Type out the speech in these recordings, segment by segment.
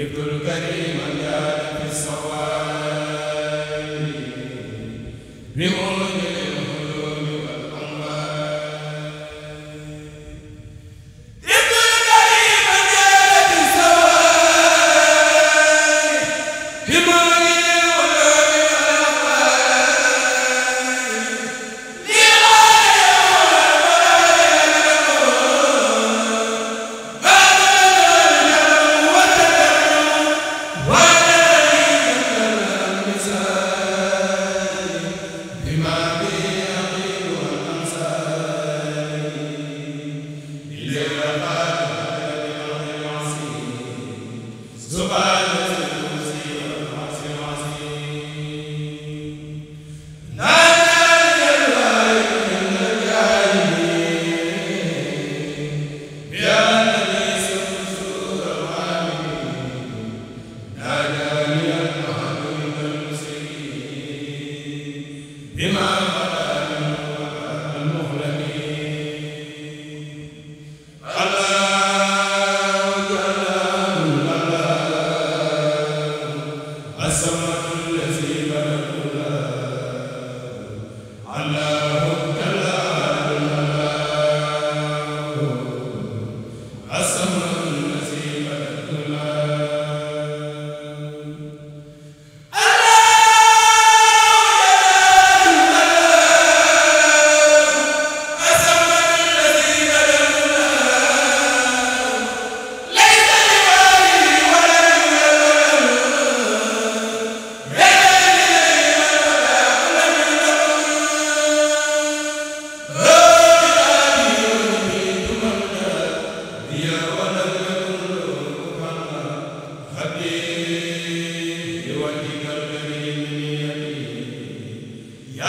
جبت الكريم يا في الصواب ni yaa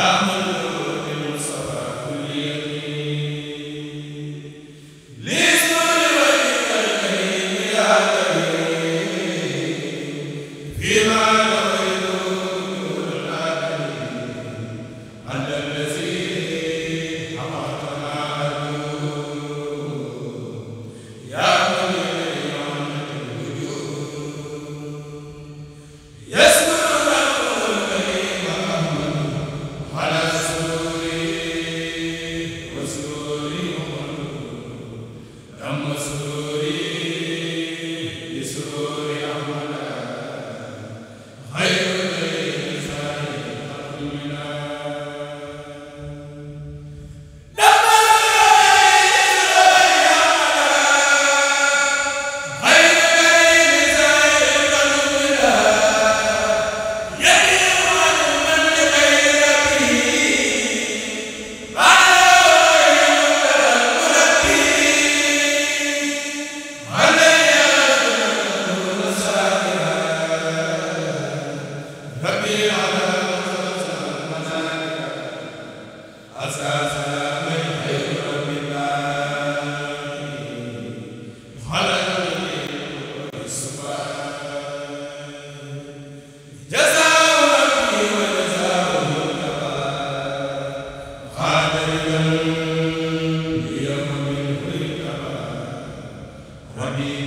ah amiin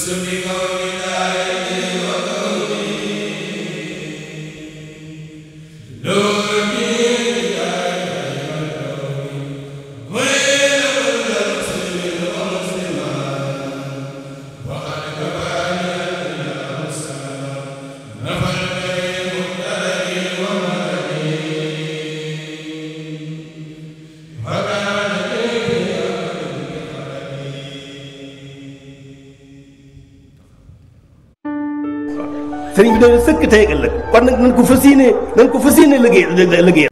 Samiha sëriñ doon sëkk tey ak ëllëg kon nag nañ ko fas yéene nañ ko fas yéene liggéey liggéey